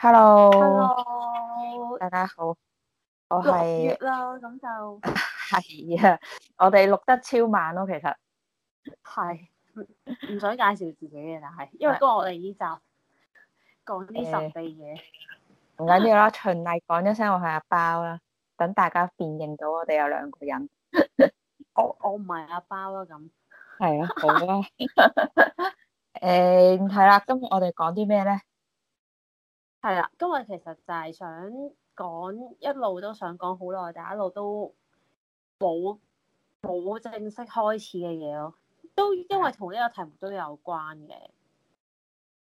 hello，, hello 大家好，我係六月咯，咁就係啊， 我哋錄得超慢咯，其實係唔想介紹自己嘅，但係因為不過我哋呢集講啲 神秘嘢，唔緊要啦，循例講一聲我係阿包啦，等大家辨認到我哋有兩個人， 我我唔係阿包啦，咁係 啊，好啦，誒、呃，係啦，今日我哋講啲咩咧？係啦，今日其實就係想講，一路都想講好耐，但一路都冇冇正式開始嘅嘢咯。都因為同一個題目都有關嘅，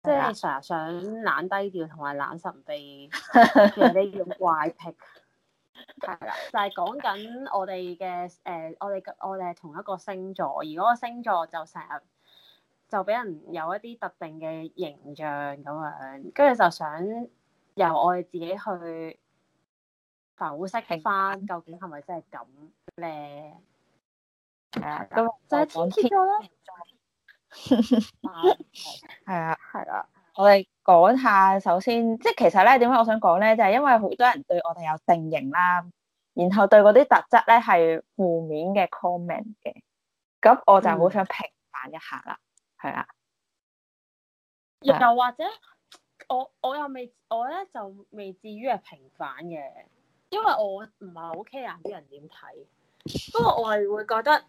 即係成日想懶低調同埋懶神秘，人哋叫怪癖。係啦，就係講緊我哋嘅誒，我哋我哋係同一個星座，而嗰個星座就成日。就俾人有一啲特定嘅形象咁樣，跟住就想由我哋自己去反烏色評翻，究竟係咪真係咁咧？係啊，咁就係講呢，係啊，係啊，的 我哋講下首先，即係其實咧點解，我想講咧，就係、是、因為好多人對我哋有定型啦，然後對嗰啲特質咧係負面嘅 comment 嘅，咁我就好想平反一下啦。嗯係啊，又又或者我我又未我咧就未至於係平反嘅，因為我唔係 ok a 啲人點睇，不過我係會覺得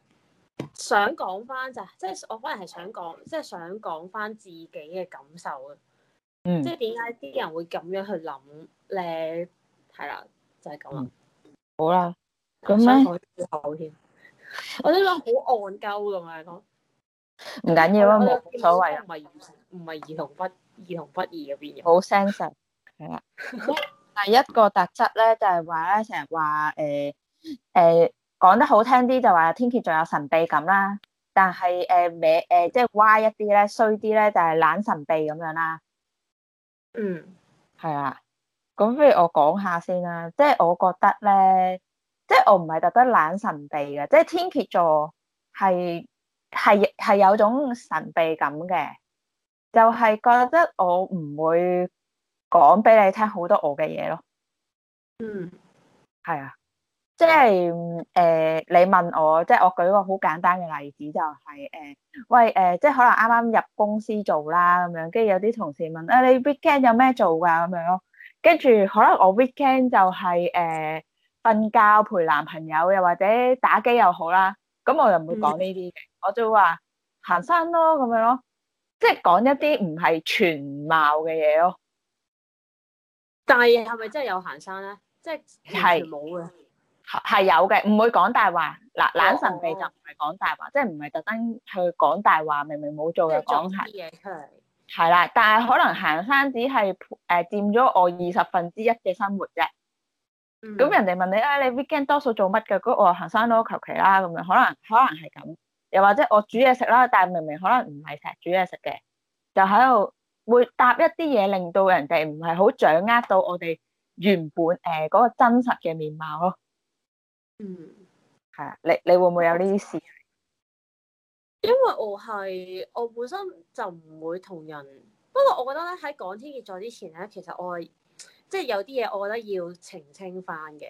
想講翻就即、是、係我可能係想講即係想講翻自己嘅感受啊，嗯，即係點解啲人會咁樣去諗咧？係啦，就係咁啦。好啦，咁添。我呢度好戇鳩噶，我哋講。唔緊要啊，冇所謂啊，唔係唔係兒童不兒童不二嘅變樣，好紳士係啦。第一個特質咧就係話咧成日話誒誒，講得好聽啲就話天蠍座有神秘感啦，但係誒歪、誒即係歪一啲咧衰啲咧就係懶神秘咁樣啦。嗯，係啊。咁不如我講下先啦，即係我覺得咧，即係我唔係特登懶神秘嘅，即係天蠍座係。係係有種神秘感嘅，就係、是、覺得我唔會講俾你聽好多我嘅嘢咯。嗯，係啊，即係誒、呃，你問我，即係我舉個好簡單嘅例子，就係、是、誒、呃，喂誒、呃，即係可能啱啱入公司做啦，咁樣跟住有啲同事問啊，你 weekend 有咩做噶咁樣咯。跟住可能我 weekend 就係、是、誒，瞓、呃、覺陪男朋友，又或者打機又好啦。咁我又唔會講呢啲嘅，我就話行山咯，咁樣咯，即係講一啲唔係全貌嘅嘢咯。但係係咪真係有行山咧？即係係冇嘅，係有嘅，唔會講大話。嗱，懶神秘就唔係講大話，即係唔係特登去講大話，明明冇做就講係。係啦，但係可能行山只係誒佔咗我二十分之一嘅生活啫。咁、嗯、人哋問你啊、哎，你 weekend 多數做乜嘅？咁、那、我、個、行山咯，求其啦咁樣，可能可能係咁，又或者我煮嘢食啦，但係明明可能唔係成日煮嘢食嘅，就喺度會搭一啲嘢，令到人哋唔係好掌握到我哋原本誒嗰、呃那個真實嘅面貌咯。嗯，係啊，你你會唔會有呢啲事？因為我係我本身就唔會同人，不過我覺得咧喺講天蠍座之前咧，其實我係。即係有啲嘢，我覺得要澄清翻嘅，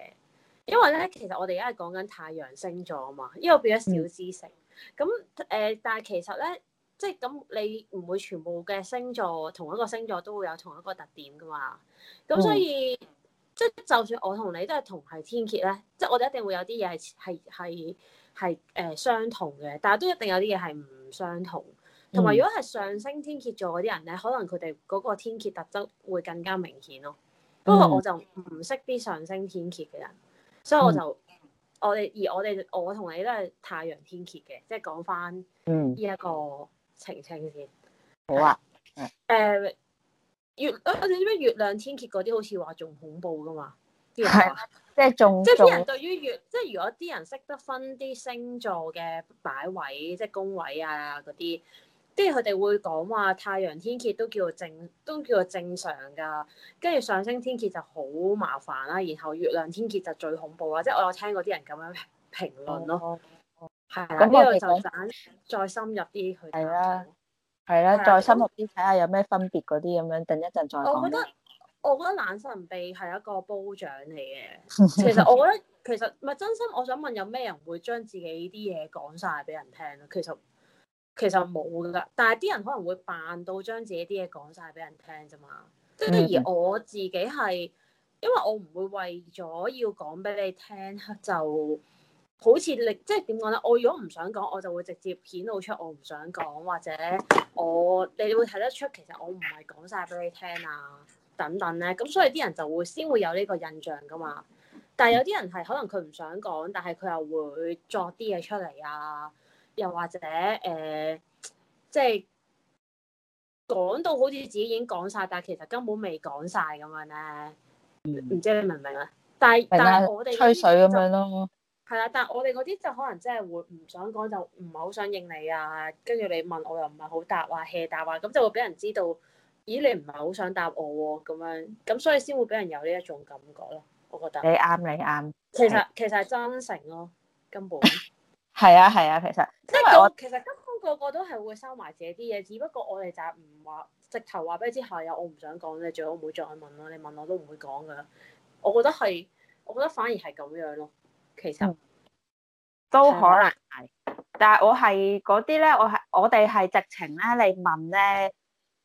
因為咧，其實我哋而家係講緊太陽星座啊嘛，因為我變咗小知性咁誒、嗯呃。但係其實咧，即係咁，你唔會全部嘅星座同一個星座都會有同一個特點噶嘛。咁所以、嗯、即係，就算我同你都係同係天蠍咧，即係我哋一定會有啲嘢係係係係誒相同嘅，但係都一定有啲嘢係唔相同。同埋如果係上升天蠍座嗰啲人咧，可能佢哋嗰個天蠍特質會更加明顯咯。嗯、不過我就唔識啲上升天蠍嘅人，所以我就、嗯、我哋而我哋我同你都係太陽天蠍嘅，即係講翻呢一個澄清先。嗯、好啊。誒、uh, 月啊，你知唔知月亮天蠍嗰啲好似話仲恐怖噶嘛？啲人話即係仲即係啲人對於月，即係如果啲人識得分啲星座嘅擺位，即係工位啊嗰啲。跟住佢哋會講話，太陽天蠍都叫做正，都叫做正常噶。跟住上升天蠍就好麻煩啦，然後月亮天蠍就最恐怖啦。即係我有聽過啲人咁樣評論咯。係啦，呢我就講再深入啲去。係啦的，係啦，再深入啲睇下有咩分別嗰啲咁樣，等一陣再講。我覺得我覺得懶神秘係一個褒獎嚟嘅。其實我覺得 其實唔係真，真心。我想問有咩人會將自己啲嘢講晒俾人聽咧？其實。其實冇噶，但係啲人可能會扮到將自己啲嘢講晒俾人聽啫嘛。即係、嗯嗯、而我自己係，因為我唔會為咗要講俾你聽就好似你即係點講咧？我如果唔想講，我就會直接顯露出我唔想講，或者我你會睇得出其實我唔係講晒俾你聽啊等等咧。咁所以啲人就會先會有呢個印象噶嘛。但係有啲人係可能佢唔想講，但係佢又會作啲嘢出嚟啊。又或者誒，即、呃、係、就是、講到好似自己已經講晒，但係其實根本未講晒咁樣咧，唔、嗯、知你明唔明，明啊？但係但係我哋吹水咁樣咯，係啊，但係我哋嗰啲就可能真係會唔想講，就唔係好想應你啊。跟住你問我又唔係好答話 hea 答話，咁就會俾人知道，咦你唔係好想答我喎、啊、咁樣，咁所以先會俾人有呢一種感覺咯。我覺得你啱，你啱。其實其實係真誠咯，根本。 係啊，係啊，其實即係因為我其實根本個個都係會收埋自己啲嘢，只不過我哋就係唔話直頭話俾你知，哎呀、啊，我唔想講，你最好唔好再問咯，你問我都唔會講噶。我覺得係，我覺得反而係咁樣咯。其實、嗯、都可能係，啊、但係我係嗰啲咧，我係我哋係直情咧，你問咧，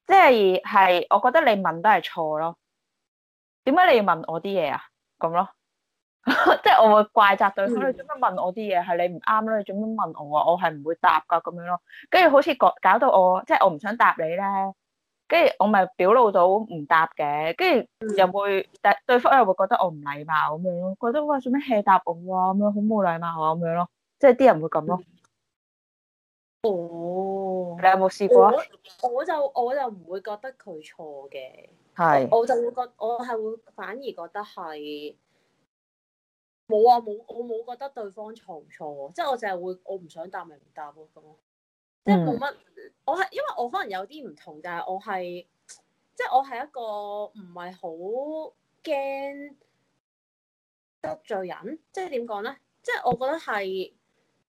即係係，我覺得你問都係錯咯。點解你要問我啲嘢啊？咁咯。即係 我會怪責對方，嗯、你做乜問我啲嘢，係你唔啱咧？你做乜問我我係唔會答噶咁樣咯？跟住好似搞搞到我即係、就是、我唔想答你咧，跟住我咪表露到唔答嘅，跟住又會、嗯、對，對方又會覺得我唔禮貌咁樣，覺得哇做咩 hea 答我哇咁樣好冇禮貌啊咁樣咯，即係啲人會咁咯。哦、嗯，嗯、你有冇試過啊？我就我就唔會覺得佢錯嘅，係是我就會覺得我係會反而覺得係。冇啊，冇，我冇覺得對方錯唔錯，即係我淨係會，我唔想答咪唔答咯，咁咯，即係冇乜，我係因為我可能有啲唔同，但係我係，即係我係一個唔係好驚得罪人，即係點講咧？即係我覺得係，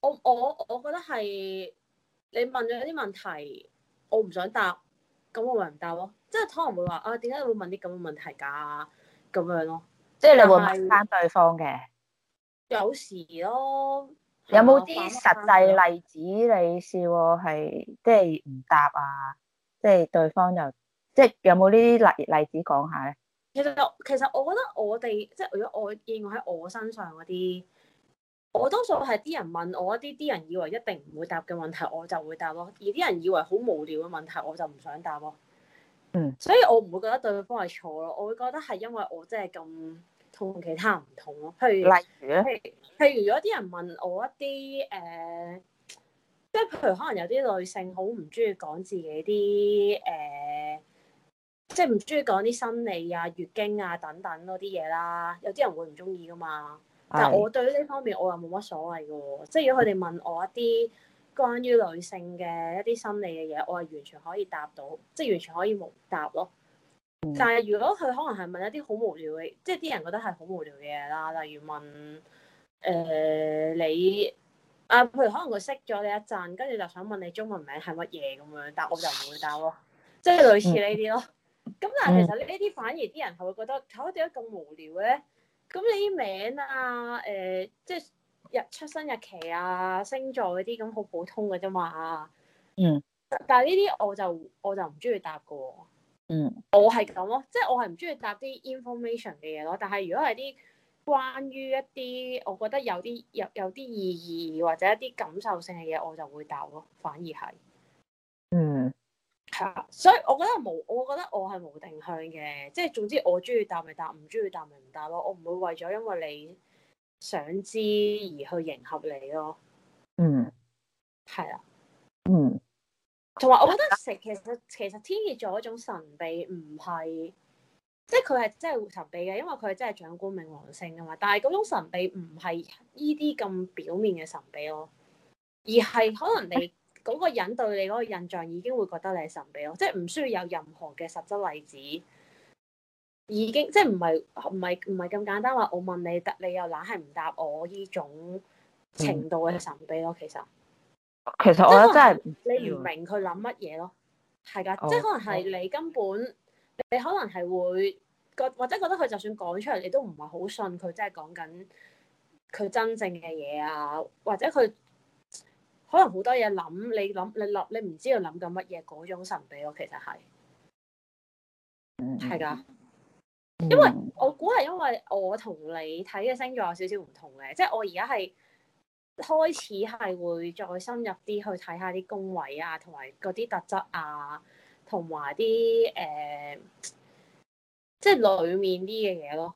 我我我覺得係你問咗一啲問題，我唔想答，咁我咪唔答咯，即係可能會話啊，點解會問啲咁嘅問題噶？咁樣咯，即係你會問翻對方嘅。有時咯，有冇啲實際例子你試係即係唔答啊？即係對方又即係有冇呢啲例例子講下咧？其實其實我覺得我哋即係如果我應用喺我身上嗰啲，我多數係啲人問我一啲，啲人以為一定唔會答嘅問題，我就會答咯；而啲人以為好無聊嘅問題，我就唔想答咯。嗯，所以我唔會覺得對方係錯咯，我會覺得係因為我真係咁。同其他唔同咯，譬如例如譬如，如，如，如果啲人問我一啲誒，即係譬如可能有啲女性好唔中意講自己啲誒，即係唔中意講啲心理啊、月經啊等等嗰啲嘢啦，有啲人會唔中意噶嘛。的但係我對於呢方面我又冇乜所謂嘅喎，即係如果佢哋問我一啲關於女性嘅一啲心理嘅嘢，我係完全可以答到，即係完全可以冇答咯。嗯、但係如果佢可能係問一啲好無聊嘅，即係啲人覺得係好無聊嘅嘢啦。例如問誒、呃、你啊，譬如可能佢識咗你一陣，跟住就想問你中文名係乜嘢咁樣，但我就唔會答、就是、咯，即係類似呢啲咯。咁、嗯、但係其實呢啲反而啲人係會覺得，啊點解咁無聊咧？咁你啲名啊，誒、呃，即、就、係、是、日出生日期啊，星座嗰啲咁好普通嘅啫嘛。嗯。但係呢啲我就我就唔中意答噶。嗯，我係咁咯，即係我係唔中意答啲 information 嘅嘢咯。但係如果係啲關於一啲，我覺得有啲有有啲意義或者一啲感受性嘅嘢，我就會答咯。反而係，嗯，係啊，所以我覺得冇，我覺得我係冇定向嘅，即係總之我中意答咪答，唔中意答咪唔答咯。我唔會為咗因為你想知而去迎合你咯。嗯，嗯。嗯，係啊，嗯。同埋，我覺得成其實其實天蠍座嗰種神秘，唔係即係佢係真係神秘嘅，因為佢係真係掌管冥王星噶嘛。但係嗰種神秘唔係依啲咁表面嘅神秘咯，而係可能你嗰個人對你嗰個印象已經會覺得你係神秘咯，即係唔需要有任何嘅實質例子，已經即係唔係唔係唔係咁簡單話，我問你答，你又懶係唔答我呢種程度嘅神秘咯，其實。其實我覺得真係你唔明佢諗乜嘢咯，係噶，即係可能係你根本，哦、你可能係會覺或者覺得佢就算講出嚟，你都唔係好信佢真係講緊佢真正嘅嘢啊，或者佢可能好多嘢諗，你諗你諗你唔知道諗緊乜嘢嗰種神秘咯，其實係，係噶，因為我估係因為我同你睇嘅星座有少少唔同嘅，即係我而家係。開始係會再深入啲去睇下啲宮位啊，同埋嗰啲特質啊，同埋啲誒，即、呃、係、就是、裏面啲嘅嘢咯。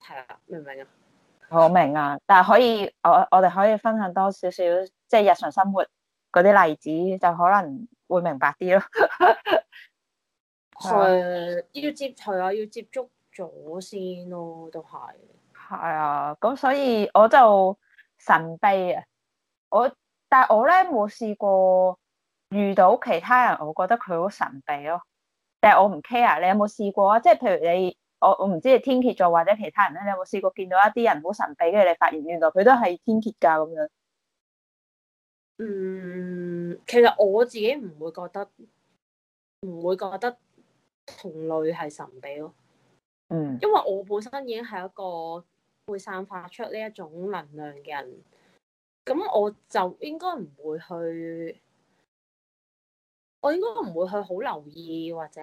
係啊，明唔明啊？好明啊，但係可以，我我哋可以分享多，多少少，即、就、係、是、日常生活嗰啲例子，就可能會明白啲咯。誒 以， 要接觸啊，要接觸咗先咯，都係。係啊，咁所以我就。神秘啊！我但係我咧冇試過遇到其他人，我覺得佢好神秘咯、啊。但係我唔 care。你有冇試過啊？即係譬如你，我我唔知係天蠍座或者其他人咧。你有冇試過見到一啲人好神秘，跟住你發現原來佢都係天蠍噶咁樣？嗯，其實我自己唔會覺得，唔會覺得同類係神秘咯。嗯，因為我本身已經係一個。會散發出呢一種能量嘅人，咁我就應該唔會去，我應該唔會去好留意或者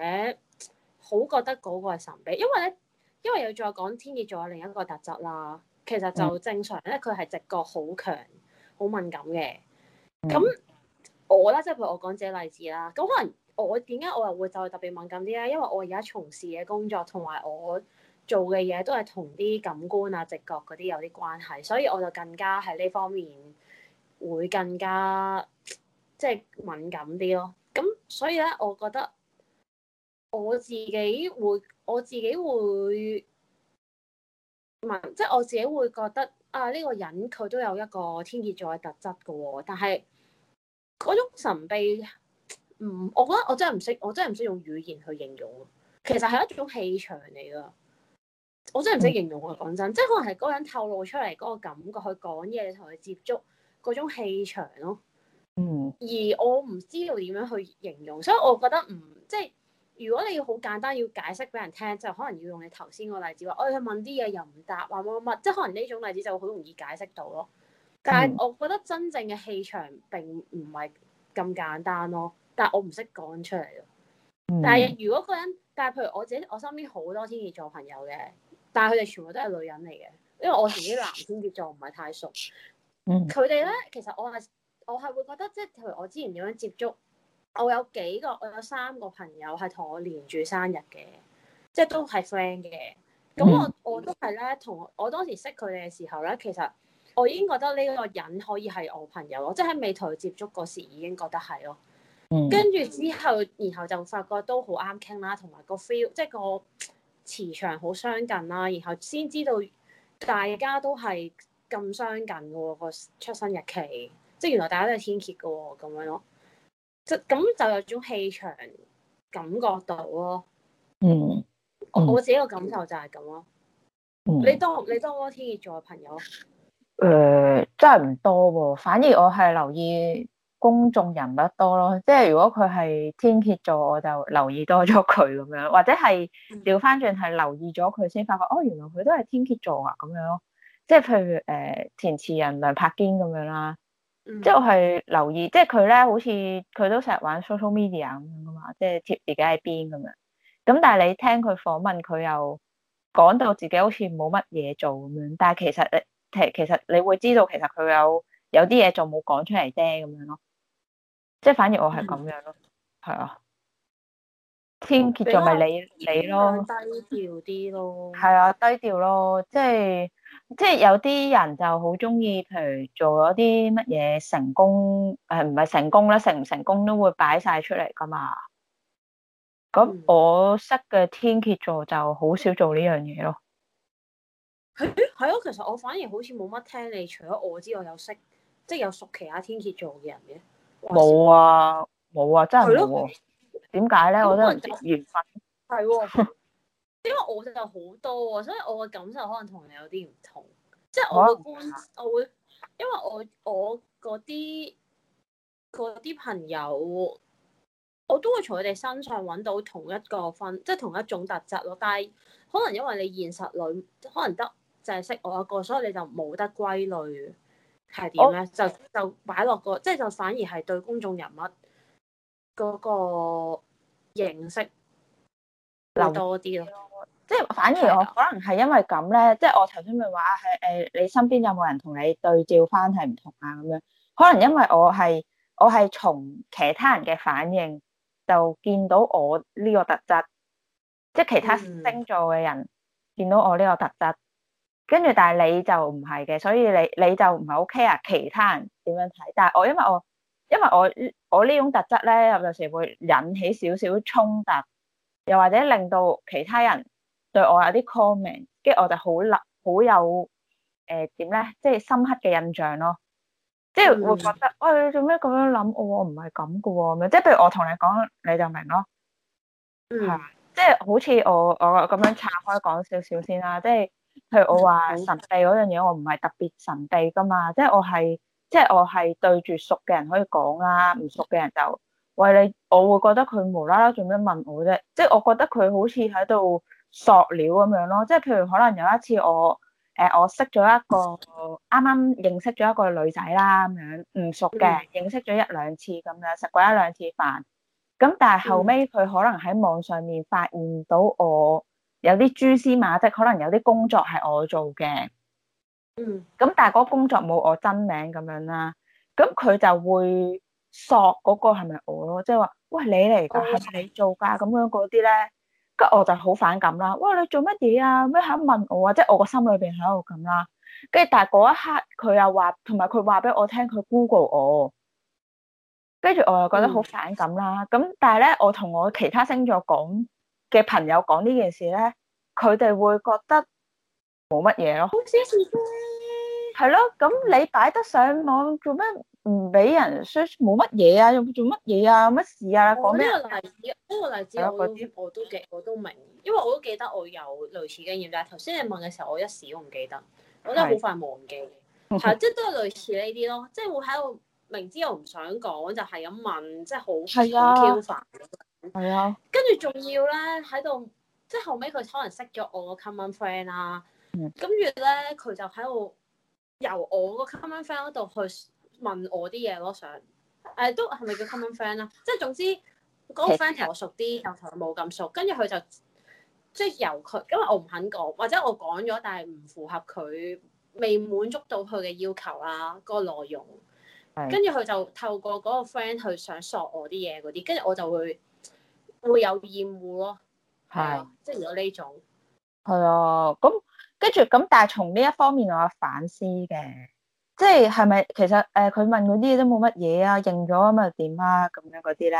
好覺得嗰個係神秘，因為咧，因為有再講天蠍座有另一個特質啦，其實就正常咧，佢係直覺好強，好敏感嘅。咁我咧，即係譬如我講自己例子啦，咁可能我點解我又會就特別敏感啲咧？因為我而家從事嘅工作同埋我。做嘅嘢都係同啲感官啊、直覺嗰啲有啲關係，所以我就更加喺呢方面會更加即係、就是、敏感啲咯。咁所以咧，我覺得我自己會我自己會問，即係我自己會覺得啊，呢、呢個人佢都有一個天蠍座嘅特質嘅喎，但係嗰種神秘唔，我覺得我真係唔識，我真係唔識用語言去形容。其實係一種氣場嚟噶。我真係唔識形容，我講真，嗯、即係可能係嗰個人透露出嚟嗰個感覺，去講嘢同佢接觸嗰種氣場咯。嗯。而我唔知道點樣去形容，所以我覺得唔、嗯、即係如果你要好簡單要解釋俾人聽，就可能要用你頭先個例子話，我、哎、去問啲嘢又唔答，話乜乜乜，即係可能呢種例子就好容易解釋到咯。但係我覺得真正嘅氣場並唔係咁簡單咯，但係我唔識講出嚟。嗯。但係如果個人，但係譬如我自己，我身邊好多天蠍做朋友嘅。但係佢哋全部都係女人嚟嘅，因為我同啲男天蠍座唔係太熟。佢哋咧，其實我係我係會覺得，即係譬如我之前點樣接觸，我有幾個，我有三個朋友係同我連住生日嘅，即係都係 friend 嘅。咁我我都係咧同我當時識佢哋嘅時候咧，其實我已經覺得呢個人可以係我朋友，我即係未同佢接觸嗰時已經覺得係咯、哦。 跟住之後，然後就發覺都好啱傾啦，同埋個 feel 即係、嗰個。磁場好相近啦，然後先知道大家都係咁相近嘅喎，個出生日期，即係原來大家都係天蠍嘅喎咁樣咯。即咁就有種氣場感覺到咯、嗯。嗯，我自己個感受就係咁咯。你多你多唔多天蠍座嘅朋友？誒、呃，真係唔多喎、哦。反而我係留意。公眾人物多咯，即係如果佢係天蠍座，我就留意多咗佢咁樣，或者係調翻轉係留意咗佢先，發覺、嗯、哦原來佢都係天蠍座啊咁樣咯。即係譬如誒、呃、填詞人梁柏堅咁樣啦，嗯、即係我係留意，即係佢咧好似佢都成日玩 social media 咁樣噶嘛，即係貼自己喺邊咁樣。咁但係你聽佢訪問，佢又講到自己好似冇乜嘢做咁樣，但係其實你其其實你會知道，其實佢有有啲嘢做冇講出嚟啫咁樣咯。即係反而我係咁樣咯，係啊、嗯，天蠍座咪你你咯，低調啲咯，係 啊，低調咯，即係即係有啲人就好中意，譬如做咗啲乜嘢成功，誒唔係成功啦？成唔成功都會擺晒出嚟噶嘛。咁、嗯、我識嘅天蠍座就好少做呢樣嘢咯。係係啊，其實我反而好似冇乜聽你，你除咗我之外有識，即、就、係、是、有熟其他天蠍座嘅人嘅。冇啊，冇啊，真係冇啊。點解咧？我真係唔知緣分。係喎，因為我就好多啊，所以我嘅感受可能同你有啲唔同。即係我嘅觀，啊，我會，因為我我嗰啲嗰啲朋友，我都會從佢哋身上揾到同一個分，即係同一種特質咯。但係可能因為你現實裏可能得就係識我一個，所以你就冇得歸類。係點咧？就就擺落個，即係就反而係對公眾人物嗰個認識流多啲咯。即係反而我可能係因為咁咧，即係我頭先咪話係誒，你身邊有冇人同你對照翻係唔同啊？咁樣可能因為我係我係從其他人嘅反應就見到我呢個特質，即係其他星座嘅人見到我呢個特質。嗯嗯跟住，但係你就唔係嘅，所以你你就唔係 OK 啊！其他人點樣睇？但係我因為我因為我我呢種特質咧，有時會引起少少衝突，又或者令到其他人對我有啲 comment，跟住我就好立好有誒點咧，即係深刻嘅印象咯，即係會覺得喂、嗯哎，你做咩咁樣諗？我唔係咁噶喎，咁即係譬如我同你講，你就明咯，係、嗯啊、即係好似我我咁樣拆開講少少先啦，即係。譬如我話神秘嗰樣嘢，我唔係特別神秘噶嘛，即係我係，即係我係對住熟嘅人可以講啦，唔熟嘅人就喂，你，我會覺得佢無啦啦做咩問我啫，即係我覺得佢好似喺度索料咁樣咯，即係譬如可能有一次我誒我識咗一個啱啱認識咗一個女仔啦咁樣唔熟嘅，認識咗一兩次咁樣食過一兩次飯，咁但係後尾，佢可能喺網上面發現到我。有啲蛛絲馬迹，可能有啲工作係我做嘅，嗯，咁但係嗰個工作冇我真名咁樣啦，咁佢就會索嗰個係咪我咯，即係話喂你嚟噶，係你做噶，咁樣嗰啲咧，跟住我就好反感啦。喂你做乜嘢啊？咩肯問我啊？即係我個心裏邊喺度咁啦。跟住但係嗰一刻佢又話，同埋佢話俾我聽佢 Google 我，跟住我又覺得好反感啦。咁但係咧，我同我其他星座講。嘅朋友講呢件事咧，佢哋會覺得冇乜嘢咯。好少事啫。係 咯樂，咁 你擺得上網做咩？唔俾人 search 冇乜嘢啊？用做乜嘢啊？乜事啊？講咩？呢個例子，呢個例子，我都我都我都，我都明。因為我都記得我有類似經驗，但係頭先你問嘅時候，我一時都唔記得。我都係好快忘記。係是的，即 係都係類似呢啲咯，即係會喺度明知我唔想講，就係咁問，即係好挑釁。 係、嗯、啊，跟住仲要咧喺度，即係後尾佢可能識咗我個 common friend 啦，跟住咧佢就喺度由我個 common friend 嗰度去問我啲嘢咯，想誒、呃、都係咪叫 common friend 啦、啊？即係總之嗰、那個 friend 同我熟啲，同我冇咁熟。跟住佢就即係由佢，因為我唔肯講，或者我講咗，但係唔符合佢未滿足到佢嘅要求啊。嗰、那個內容。跟住佢就透過嗰個 friend 去想索我啲嘢嗰啲，跟住我就會。會有厭惡咯，係的，即係有呢種。係啊，咁跟住咁，但係從呢一方面我反思嘅，即係係咪其實誒佢、呃、問嗰啲嘢，都冇乜嘢啊，認咗咁又點啊，咁樣嗰啲咧，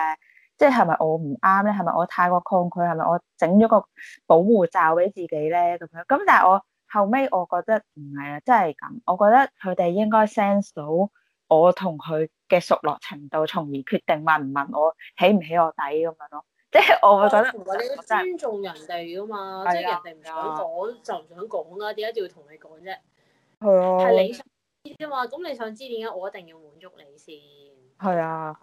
即係係咪我唔啱咧？係咪我太過抗拒？係咪我整咗個保護罩俾自己咧？咁樣咁，但係我後尾我覺得唔係啊，即係咁，我覺得佢哋應該 sense 到我同佢嘅熟絡程度，從而決定問唔問我起唔起我底咁樣咯。即係我覺得，你都尊重人哋噶嘛。的即係人哋唔想講就唔想講啦，點解要同你講啫？係啊，係你、啊、你想知啫嘛？咁你想知點解，我一定要滿足你先。係啊，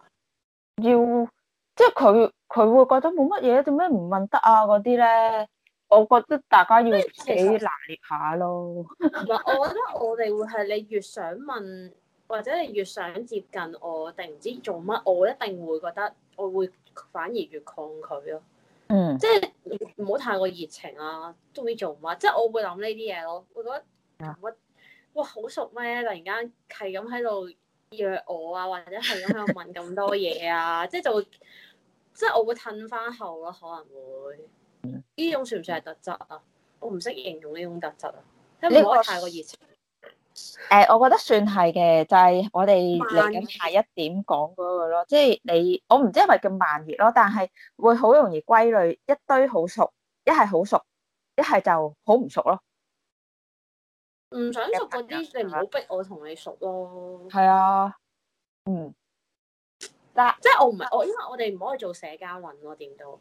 要即係佢佢會覺得冇乜嘢，做咩唔問得啊？嗰啲咧，我覺得大家要幾拿捏下咯。唔實 我覺得我哋會係你越想問，或者你越想接近我定唔知做乜，我一定會覺得我會。反而越抗拒咯，嗯，即係唔好太過熱情啊，都唔知做乜，即係我會諗呢啲嘢咯。我覺得屈、嗯、哇好熟咩？突然間係咁喺度約我啊，或者係咁喺度問咁多嘢啊， 即係就會，即係我會褪翻後咯、啊，可能會。呢、嗯、種算唔算係特質啊？我唔識形容呢種特質啊，即係唔好太過熱情。誒、呃，我覺得算係嘅，就係、是、我哋嚟緊下第一點講嗰、那個咯，熱即係你，我唔知係咪叫慢熱咯，但係會好容易歸類一堆好熟，一係好熟，一係就好唔熟咯。唔想熟嗰啲，啊、你唔好逼我同你熟咯。係啊，嗯，嗱但，即係、嗯、我唔係，我因為我哋唔可以做社交運咯，點都，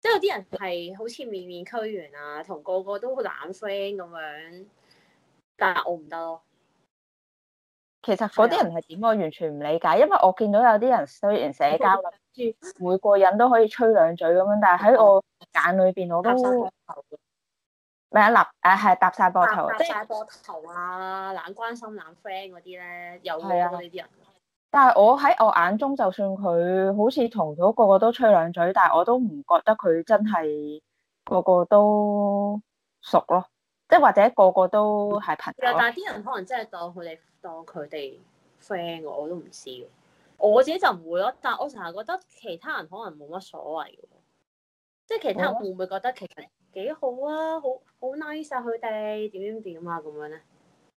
即係有啲人係好似面面俱圓啊，同個，個個都好懶 friend 咁樣。但係我唔得咯。其實嗰啲人係點，我完全唔理解，因為我見到有啲人雖然社交，跟住、嗯、每個人都可以吹兩嘴咁樣，但係喺我眼裏邊我都，咩啊立誒係搭晒膊頭，即係膊頭啊，懶、即係啊、關心懶 friend 嗰啲咧，有好多呢啲人。但係我喺我眼中，就算佢好似同到個個都吹兩嘴，但係我都唔覺得佢真係個個都熟咯。即係或者個個都係朋友，但係啲人可能真係當佢哋當佢哋 friend 喎，我都唔知。我自己就唔會咯，但係我成日覺得其他人可能冇乜所謂嘅。即係其他人會唔會覺得其實幾好啊？好好 nice 曬佢哋點點點啊咁樣咧，啊，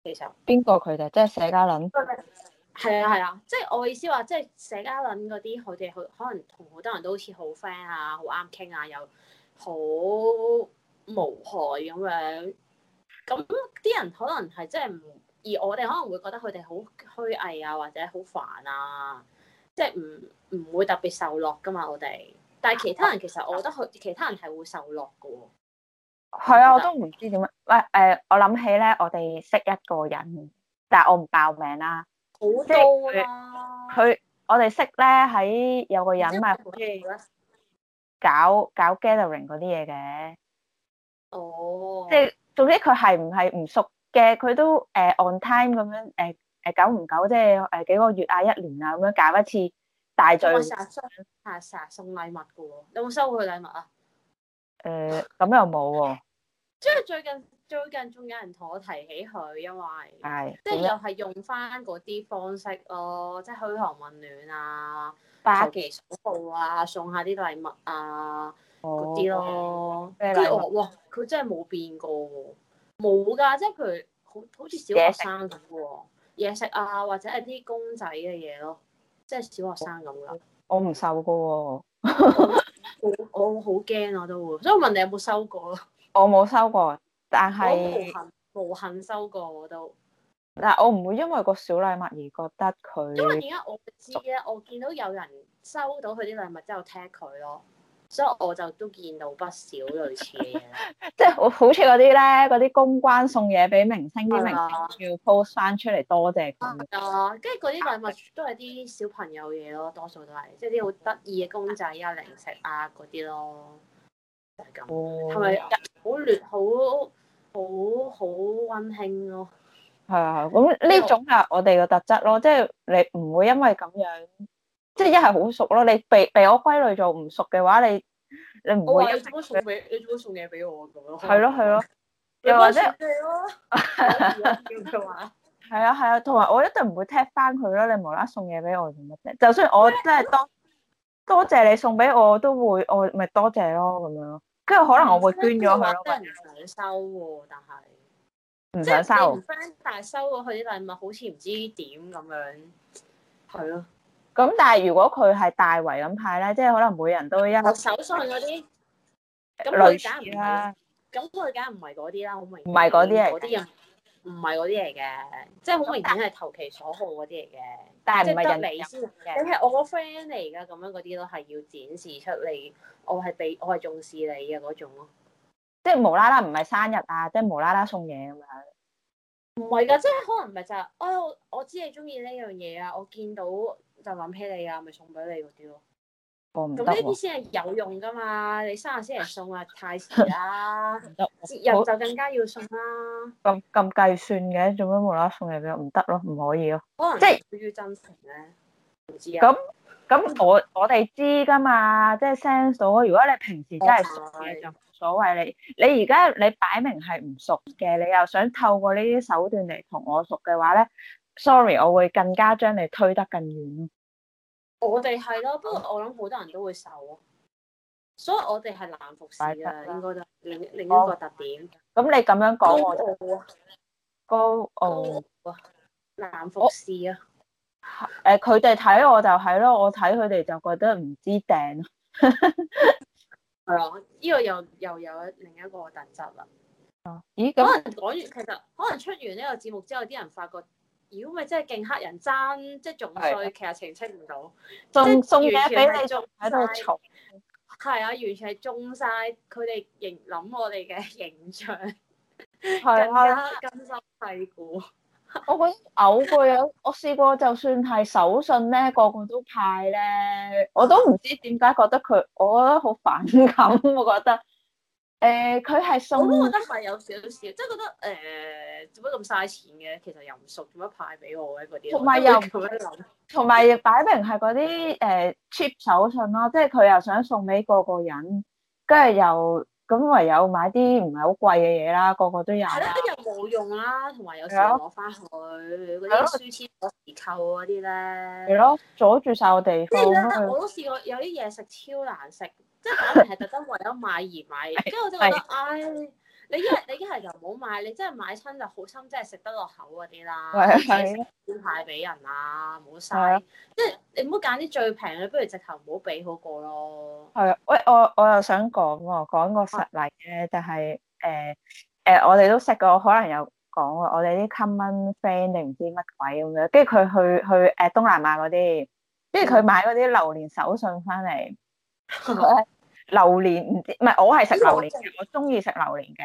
其實邊個佢哋即係社交諗。係啊係啊，即係我意思話，即係社交諗嗰啲，佢哋佢可能同好多人都好似好 friend 啊，好啱傾啊，又好無害咁樣。咁啲人可能係即係唔，而我哋可能會覺得佢哋好虛偽啊，或者好煩啊，即係唔唔會特別受落噶嘛。我哋，但係其他人其實我覺得佢其他人係會受落噶喎。係啊，啊，我都唔知點樣。喂，誒、呃，我諗起咧，我哋識一個人，但係我唔爆名啦。好多啊！佢我哋識咧喺有個人咪好似搞搞 gathering 嗰啲嘢嘅。哦，即係。總之佢係唔係唔熟嘅，佢都誒、呃、on time 咁樣誒誒，久唔久即係誒幾個月啊一年啊咁樣搞一次大聚。我成日送，成日送禮物嘅喎，有冇收佢禮物啊？誒、呃，咁又冇喎，啊。即係 最近，最近仲有人同我提起佢，因為是即係又係用翻嗰啲方式咯，即係虛寒問暖啊、巴旗小報啊、送下啲禮物啊。嗰啲咯，即係、哦、我哇，佢真係冇變過，冇噶，即係佢好好似小學生咁噶喎，嘢食啊，或者係啲公仔嘅嘢咯，即係小學生咁啦。我唔收噶喎，我我好驚我都會，所以我問你有冇收過咯？我冇收過，但係無痕無痕收過我都。但係我唔會因為個小禮物而覺得佢。因為點解我知嘅？我見到有人收到佢啲禮物之後踢佢咯。所以我就都見到不少類似嘅嘢， 即係好似嗰啲咧，嗰啲公關送嘢俾明星，啲明星要 post 翻出嚟，多謝佢。啊，跟住嗰啲禮物都係啲小朋友嘢咯，多數都係，即係啲好得意嘅公仔啊、的零食啊嗰啲咯，就係、是、咁。係咪好暖，好好好溫馨咯？係啊，咁呢種係我哋嘅特質咯，即、就、係、是、你唔會因為咁樣。即係一係好熟咯，你被被我歸類做唔熟嘅話，你你唔會。我係送俾你，做過送嘢俾我咁咯。係咯係咯，又或者係啊，叫佢話。係啊係啊，同埋我一定唔會踢翻佢咯。你無啦啦送嘢俾我做乜啫？就算我真係多多謝你送俾我，都會我咪多謝咯咁樣。跟住可能我會捐咗佢咯。真係唔想收喎，但係唔想收。唔 friend 但係收咗佢啲禮物，好似唔知點咁樣。係咯。咁但係如果佢係大圍咁派咧，即係可能每人都一，手信嗰啲，咁佢梗唔係，咁佢梗唔係嗰啲啦，好明。唔係嗰啲嚟，嗰啲人唔係嗰啲嚟嘅，即係好明顯係投其所好嗰啲嚟嘅。但係唔係人，你係我個 friend 嚟噶，咁樣嗰啲都係要展示出嚟，我係畀我係重視你嘅嗰種咯。即係無啦啦唔係生日啊，即係無啦啦送嘢咁啊？唔係噶，即係可能唔係就係，哦，我知你中意呢樣嘢啊，我見到。就諗起你，你啊，咪送俾你嗰啲咯。咁呢啲先係有用噶嘛？你生日先嚟送啊，太遲啦，唔得 行。節日就更加要送啦，啊。咁咁計算嘅，做咩無啦啦送入去唔得咯？唔，啊，可以咯，啊。可能即係要真誠咧，唔知啊。咁咁我我哋知噶嘛？即、就、係、是、send 到。如果你平時真係熟嘅就無所謂你。你而家你擺明係唔熟嘅，你又想透過呢啲手段嚟同我熟嘅話咧？Sorry，我會更加將你推得更遠。我哋係咯，不過我諗好多人都會瘦咯、啊，所以我哋係難服侍嘅，應該都係另一另一個特點。咁、哦、你咁樣講我高傲，高傲，難服侍啊？誒、呃，佢哋睇我就係咯，我睇佢哋就覺得唔知掟，係 啊、嗯，依、呢個又又有另一個特質啦。啊，咦？可能講完其實可能出完呢個節目之後，啲人，人，家人家發覺。如果咪真係勁黑人憎，即係仲衰，的其實澄清唔到，仲送嘢俾你仲喺度嘈，係啊，完全係中晒。佢哋形諗我哋嘅形象，的更加根深蒂固。我覺得嘔過啊！ 我試過就算係手信咧，個個都派咧，我都唔知點解覺得佢，我覺得好反感，我覺得。誒，佢係、呃、送、嗯，我都覺得係有少少，即、就、係、是、覺得誒，做乜咁嘥錢嘅？其實又唔熟，做乜派俾我嘅？嗰啲同埋又咁樣諗，同埋擺明係嗰啲誒 cheap 手信咯，啊，嗯、即係佢又想送俾個個人，跟住又咁唯有買啲唔係好貴嘅嘢啦，個個都有係、啊、咯，又冇用啦，啊，同埋有，有時攞翻去嗰啲書籤、折扣嗰啲咧，係咯，阻住晒我地方，啊。即我都試過有啲嘢食超難食。即係可能係特登為咗買而買，跟住的我就覺得，唉的、哎，你一係你一係就唔好買，你真係買親就好心就，真係食得落口嗰啲啦，唔好派俾人啊，唔好嘥。的即係你唔好揀啲最平嘅，不如直頭唔好俾好過咯。係啊，喂，我我，我又想講喎，講個實例咧，的就係誒誒，我哋都識過，可能有講喎，我哋啲 common friend 定唔知乜鬼咁樣，跟住佢去去誒東南亞嗰啲，跟住佢買嗰啲榴蓮手信翻嚟。 榴蓮唔知，唔係我係食榴蓮，我中意食榴蓮嘅。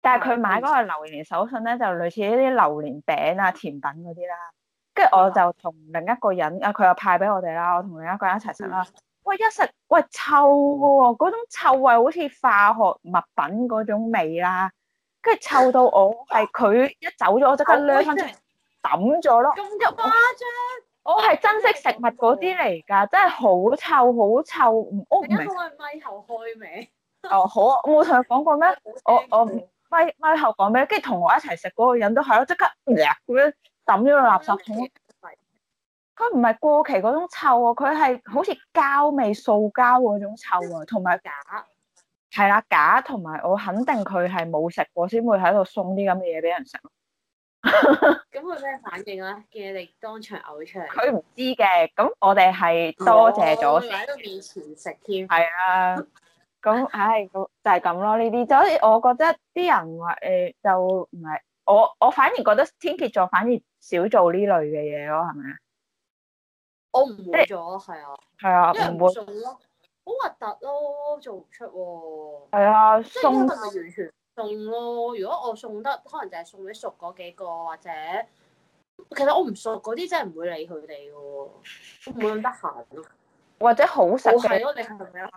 但係佢買嗰個榴蓮手信咧，就類似一啲榴蓮餅啊、甜品嗰啲啦。跟住我就同另一個人，啊佢又派俾我哋啦，我同另一個人一齊食啦。喂，一食喂臭喎，嗰種臭味好似化學物品嗰種味啦，跟住臭到我係佢 一走咗，我即刻掠翻出嚟，抌咗咯。咁誇張！我係珍惜食物嗰啲嚟㗎，真係好臭好臭，我屋唔明。有冇開麥後開咪？ 哦，好啊，我冇同佢講過咩？ 我我咪咪後講咩？跟住同我一齊食嗰個人都係咯，即刻㗎咁樣抌咗落垃圾桶。佢唔係過期嗰種臭啊，佢係好似膠味塑膠嗰種臭啊，同埋假係啦， 假同埋我肯定佢係冇食過先會喺度送啲咁嘅嘢俾人食。咁佢咩反應啊？見你哋當場嘔出嚟，佢唔知嘅。咁我哋係多謝咗先喺度面前食添。係啊，咁唉，就係咁咯。呢啲所以，我覺得啲人話誒、欸、就唔係我，我反而覺得天蠍座反而少做呢類嘅嘢咯，係咪啊？我唔會做，係啊，係啊，唔會做咯，好核突咯，做唔出喎。係啊，鬆完全？送咯，如果我送得，可能就係送俾熟嗰幾個，或者其實我唔熟嗰啲真係唔會理佢哋嘅，我唔會咁得閒咯。或者好食嘅，啊，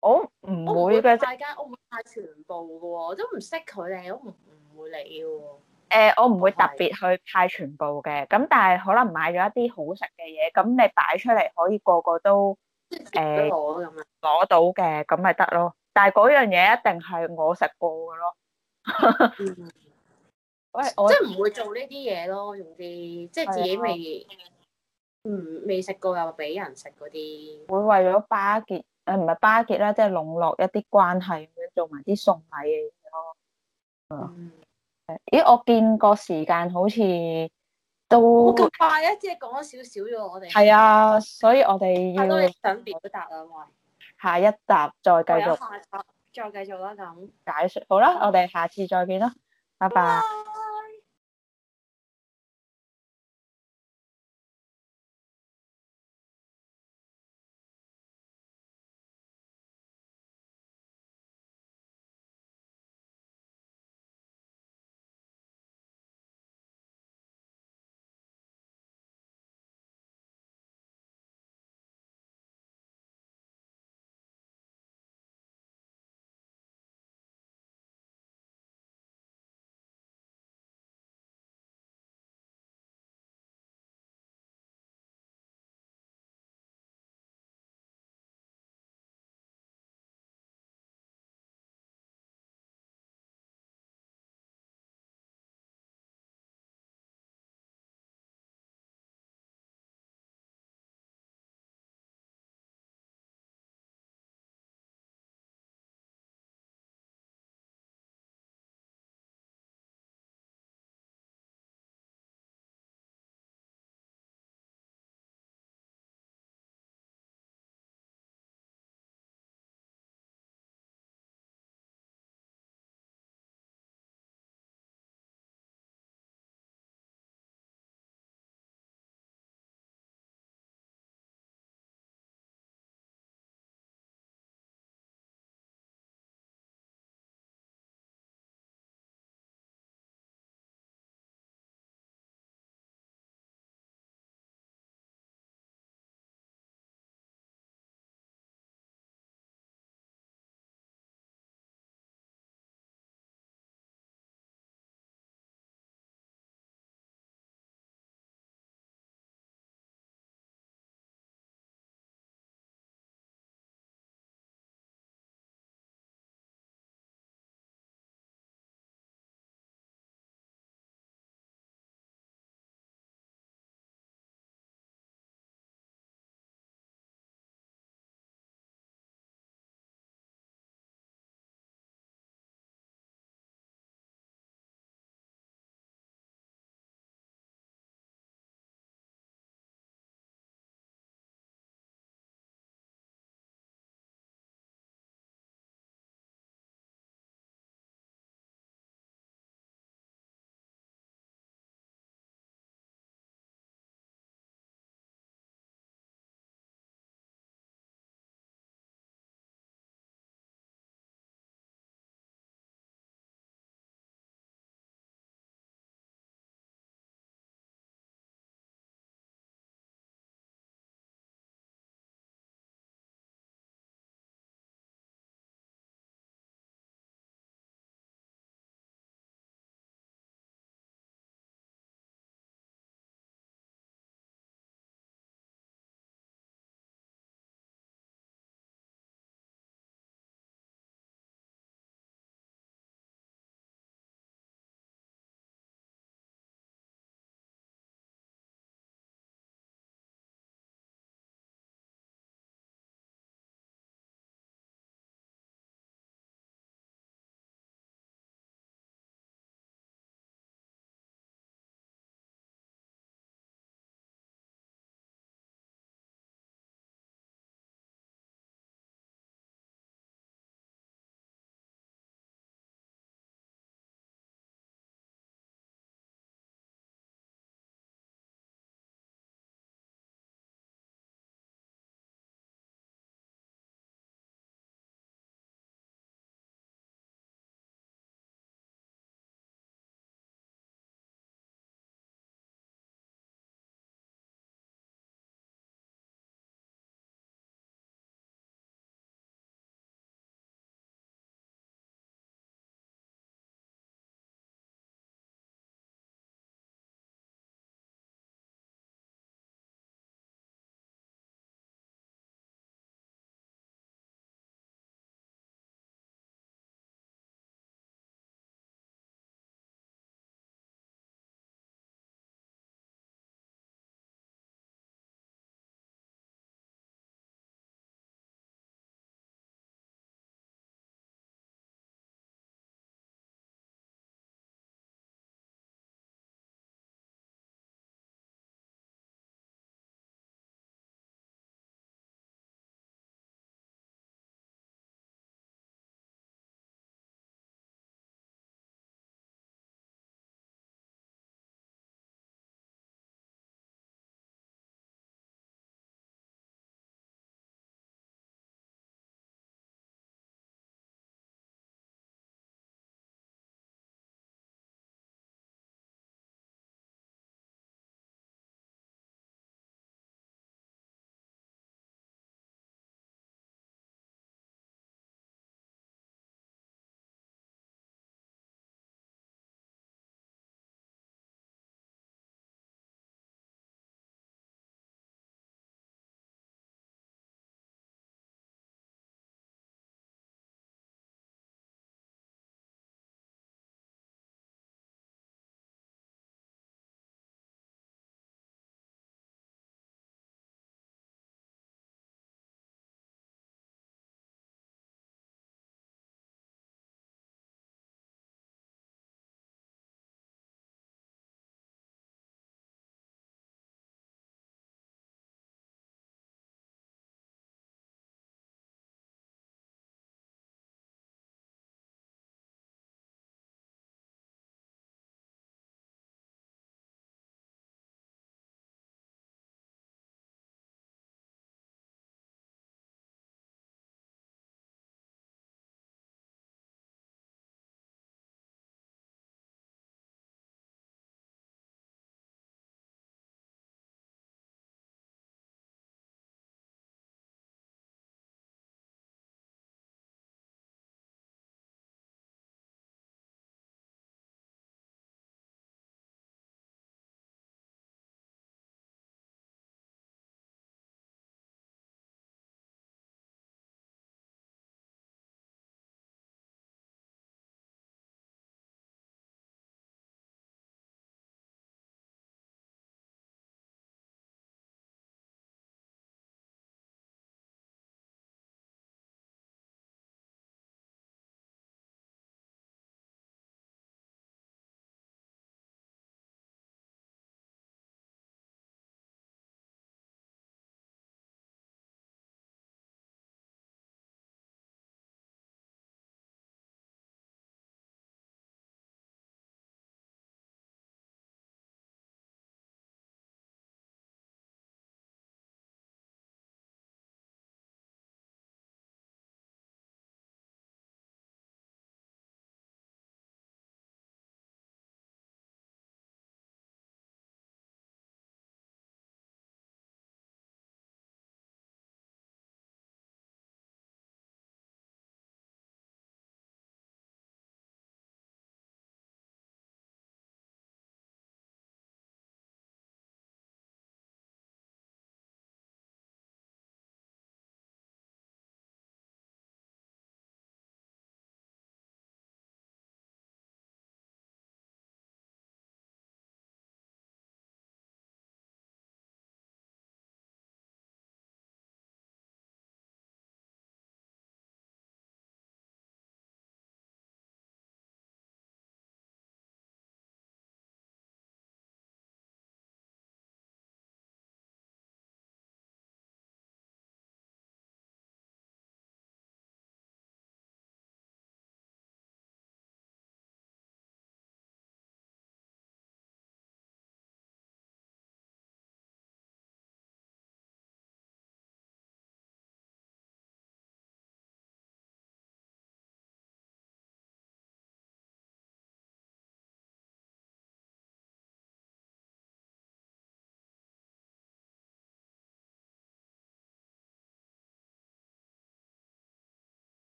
我唔會嘅啫。我唔會派間，我唔派全部嘅，我都唔識佢哋，我唔唔會理嘅。誒、呃，我唔會特別去派全部嘅，咁但係可能買咗一啲好食嘅嘢，咁你擺出嚟可以個個都誒攞、呃、到嘅，咁咪得咯。但係嗰樣嘢一定係我食過嘅咯、 嗯，喂即係唔會做呢啲嘢咯，用啲即係自己未，的嗯未食過又俾人食嗰啲，會為咗巴結誒唔係巴結啦，即係籠絡一啲關係，做埋啲送禮嘅嘢咯。嗯，咦，我見過時間好似都快啊，即係講咗少少啫我哋。係啊的，所以我哋要你。好多嘢等別表達啊，喂。下一集再繼續，下集再繼續啦，咁解說好啦，我哋下次再見啦，拜拜。